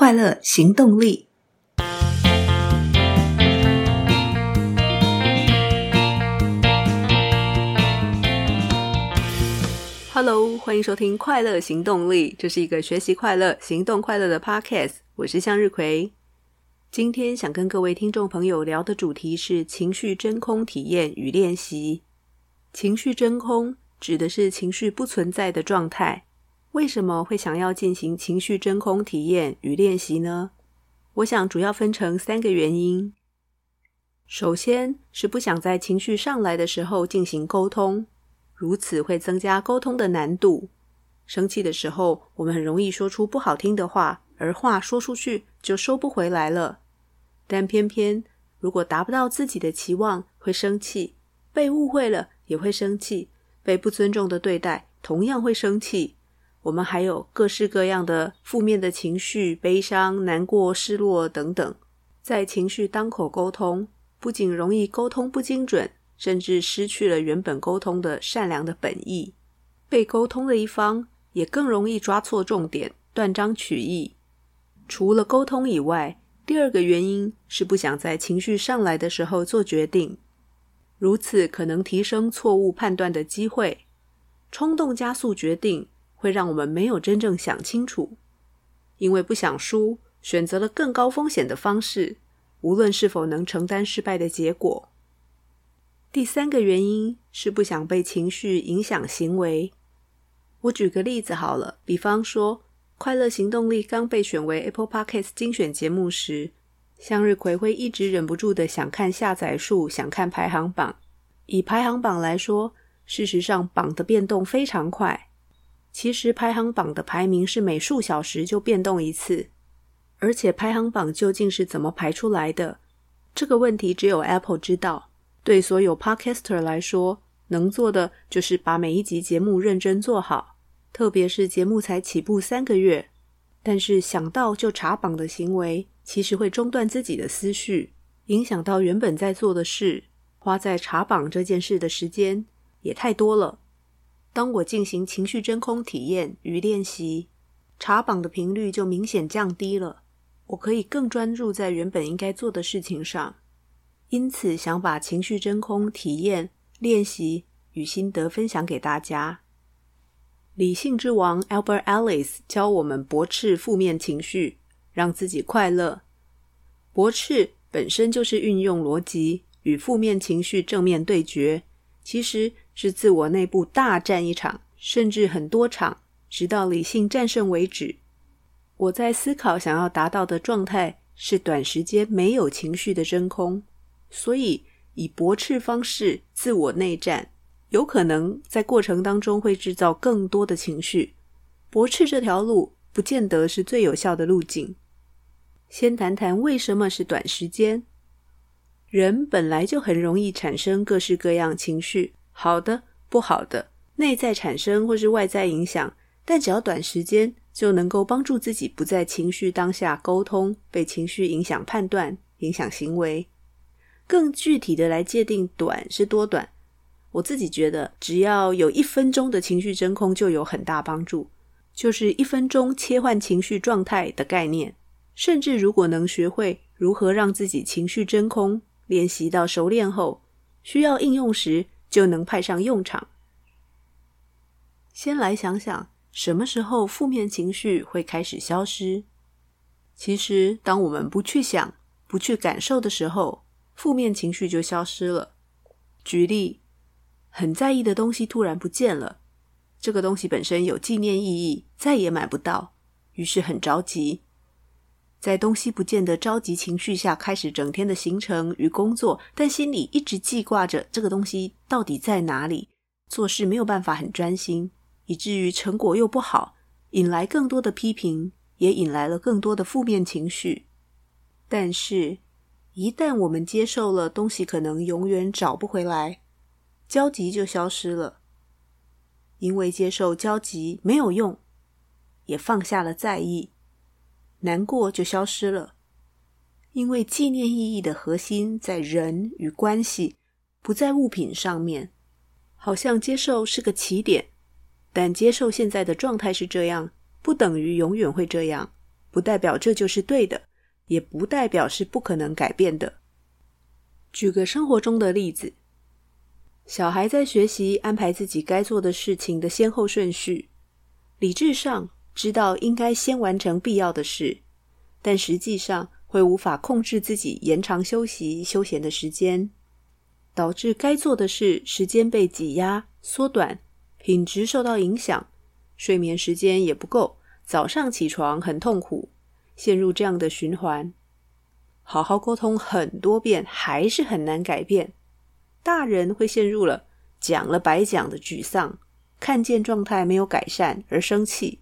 快樂行動力。Hello，歡迎收聽快樂行動力。這是一個學習快樂、行動快樂的 Podcast。我是向日葵，今天想跟各位聽眾朋友聊的主題是情緒真空體驗與練習。情緒真空指的是情緒不存在的狀態。為什麼會想要進行情緒真空體驗與練習呢？我想主要分成三個原因。首先是不想在情緒上來的時候進行溝通，如此會增加溝通的難度。生氣的時候，我們很容易說出不好聽的話，而話說出去就收不回來了。但偏偏如果達不到自己的期望，會生氣，被誤會了也會生氣，被不尊重的對待同樣會生氣。我們還有各式各樣的負面的情緒，悲傷、難過、失落等等。在情緒當口溝通，不僅容易溝通不精準，甚至失去了原本溝通的善良的本意。被溝通的一方也更容易抓錯重點、斷章取義。除了溝通以外，第二個原因是不想在情緒上來的時候做決定，如此可能提升錯誤判斷的機會，衝動加速決定。會讓我們沒有真正想清楚，因為不想輸，選擇了更高風險的方式，無論是否能承擔失敗的結果。第三個原因是不想被情緒影響行為。我舉個例子好了，比方說《快樂行動力》剛被選為 Apple Podcast 精選節目時，向日葵會一直忍不住的想看下載數，想看排行榜。以排行榜來說，事實上榜的變動非常快。其實排行榜的排名是每數小時就變動一次，而且排行榜究竟是怎麼排出來的，這個問題只有 Apple 知道。對所有 Podcaster 來說，能做的就是把每一集節目認真做好，特別是節目才起步三個月。但是想到就查榜的行為，其實會中斷自己的思緒，影響到原本在做的事，花在查榜這件事的時間也太多了。當我進行情緒真空體驗與練習，查榜的頻率就明顯降低了。我可以更專注在原本應該做的事情上，因此想把情緒真空體驗、練習與心得分享給大家。理性之王 Albert Ellis 教我們駁斥負面情緒，讓自己快樂。駁斥本身就是運用邏輯與負面情緒正面對決，其實。是自我內部大戰一場，甚至很多場，直到理性戰勝為止。我在思考想要達到的狀態是短時間沒有情緒的真空，所以以駁斥方式自我內戰，有可能在過程當中會製造更多的情緒。駁斥這條路不見得是最有效的路徑。先談談為什麼是短時間？人本來就很容易產生各式各樣情緒。好的，不好的，內在產生或是外在影響，但只要短時間，就能夠幫助自己不在情緒當下溝通，被情緒影響判斷、影響行為。更具體的來界定“短”是多短，我自己覺得只要有一分鐘的情緒真空就有很大幫助，就是一分鐘切換情緒狀態的概念。甚至如果能學會如何讓自己情緒真空，練習到熟練後，需要應用時，就能派上用場。先來想想，什麼時候負面情緒會開始消失？其實，當我們不去想、不去感受的時候，負面情緒就消失了。舉例，很在意的東西突然不見了，這個東西本身有紀念意義，再也買不到，於是很着急。在東西不見的着急情緒下，開始整天的行程與工作，但心裡一直記掛着這個東西到底在哪裡，做事沒有辦法很專心，以至於成果又不好，引來更多的批評，也引來了更多的負面情緒。但是，一旦我們接受了東西可能永遠找不回來，焦急就消失了。因為接受焦急沒有用，也放下了在意。難過就消失了，因為紀念意義的核心在人與關係，不在物品上面。好像接受是個起點，但接受現在的狀態是這樣，不等於永遠會這樣，不代表這就是對的，也不代表是不可能改變的。舉個生活中的例子，小孩在學習安排自己該做的事情的先後順序，理智上，知道應該先完成必要的事，但實際上會無法控制自己延長休息休閒的時間，導致該做的事時間被擠壓縮短，品質受到影響，睡眠時間也不夠，早上起床很痛苦，陷入這樣的循環。好好溝通很多遍，還是很難改變。大人會陷入了講了白講的沮喪，看見狀態沒有改善而生氣。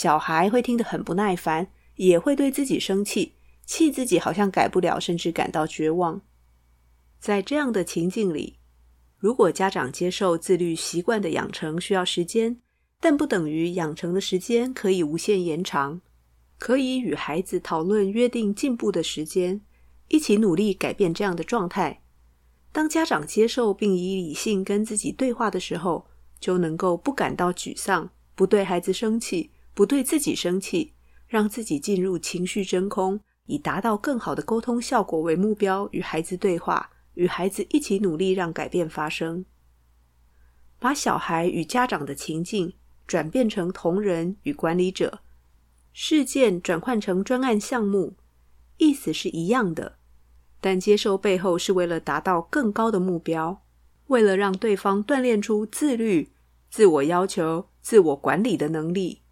小孩會聽得很不耐煩，也會對自己生氣，氣自己好像改不了，甚至感到絕望。在這樣的情境裡，如果家長接受自律習慣的養成需要時間，但不等於養成的時間可以無限延長，可以與孩子討論約定進步的時間，一起努力改變這樣的狀態。當家長接受並以理性跟自己對話的時候，就能夠不感到沮喪，不對孩子生氣。不對自己生氣，讓自己進入情緒真空，以達到更好的溝通效果為目標，與孩子對話，與孩子一起努力讓改變發生。把小孩與家長的情境轉變成同仁與管理者，事件轉換成專案項目，意思是一樣的，但接受背後是為了達到更高的目標，為了讓對方鍛鍊出自律、自我要求、自我管理的能力。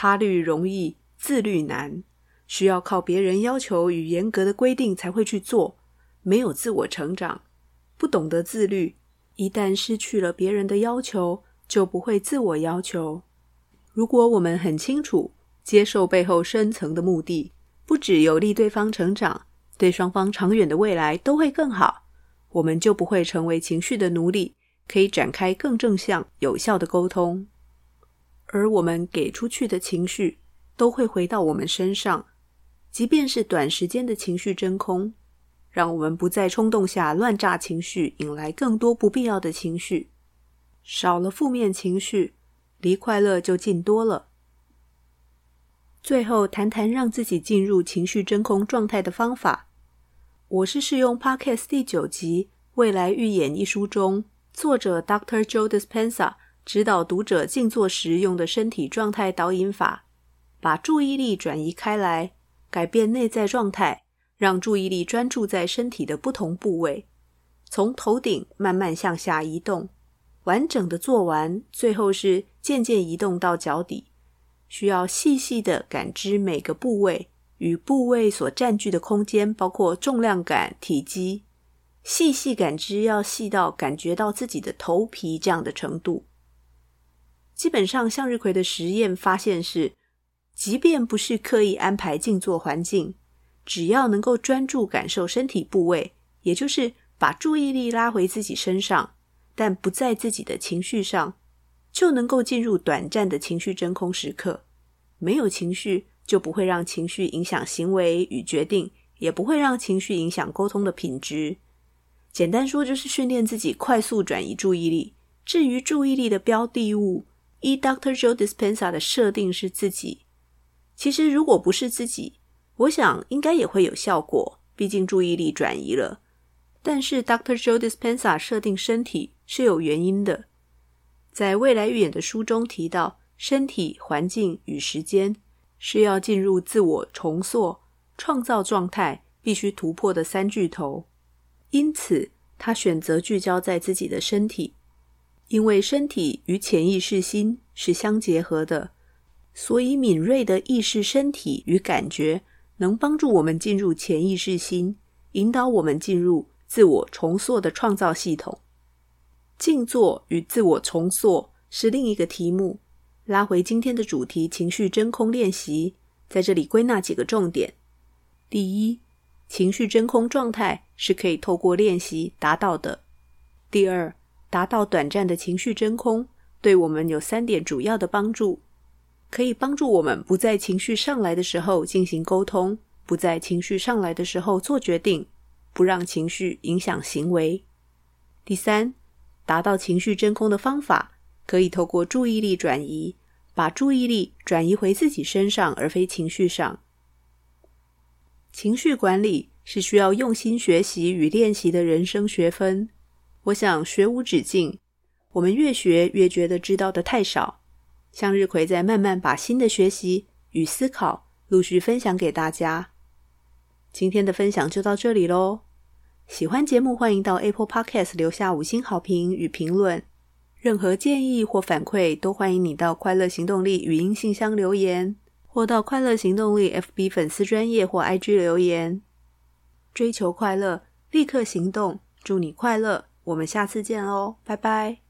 他律容易，自律難，需要靠別人要求與嚴格的規定才會去做。沒有自我成長，不懂得自律，一旦失去了別人的要求，就不會自我要求。如果我們很清楚接受背後深層的目的，不只有利對方成長，對雙方長遠的未來都會更好，我們就不會成為情緒的奴隸，可以展開更正向有效的溝通。而我們給出去的情緒都會回到我們身上，即便是短時間的情緒真空，讓我們不在衝動下亂炸情緒，引來更多不必要的情緒。少了負面情緒，離快樂就近多了。最後談談讓自己進入情緒真空狀態的方法。我是試用《Podcast》第九集《未來預演》一書中作者 Dr. Joe Dispenza 指導讀者靜坐時用的身體狀態導引法，把注意力轉移開來，改變內在狀態，讓注意力專注在身體的不同部位，從頭頂慢慢向下移動，完整的做完，最後是漸漸移動到腳底。需要細細的感知每個部位與部位所佔據的空間，包括重量感、體積。細細感知要細到感覺到自己的頭皮這樣的程度。基本上，向日葵的實驗發現是，即便不是刻意安排靜坐環境，只要能夠專注感受身體部位，也就是把注意力拉回自己身上，但不在自己的情緒上，就能夠進入短暫的情緒真空時刻。沒有情緒，就不會讓情緒影響行為與決定，也不會讓情緒影響溝通的品質。簡單說，就是訓練自己快速轉移注意力，至於注意力的標的物，一 Dr. Joe Dispenza 的設定是自己，其實如果不是自己，我想應該也會有效果，畢竟注意力轉移了。但是 Dr. Joe Dispenza 設定身體是有原因的，在未來預演的書中提到，身體、環境與時間是要進入自我重塑、創造狀態必須突破的三巨頭，因此他選擇聚焦在自己的身體。因為身體與潛意識心是相結合的，所以敏銳的意識、身體與感覺能幫助我們進入潛意識心，引導我們進入自我重塑的創造系統。靜坐與自我重塑是另一個題目。拉回今天的主題，情緒真空練習，在這裡歸納幾個重點：第一，情緒真空狀態是可以透過練習達到的；第二，達到短暫的情緒真空，對我們有三點主要的幫助。可以幫助我們不在情緒上來的時候進行溝通，不在情緒上來的時候做決定，不讓情緒影響行為。第三，達到情緒真空的方法可以透過注意力轉移，把注意力轉移回自己身上，而非情緒上。情緒管理是需要用心學習與練習的人生學分。我想學無止境，我們越學越覺得知道的太少。向日葵在慢慢把新的學習與思考陸續分享給大家。今天的分享就到這裡嘍。喜歡節目，歡迎到 Apple Podcast 留下五星好評與評論。任何建議或反饋，都歡迎你到快樂行動力語音信箱留言，或到快樂行動力 FB 粉絲專頁或 IG 留言。追求快樂，立刻行動。祝你快樂！我們下次見哦，拜拜。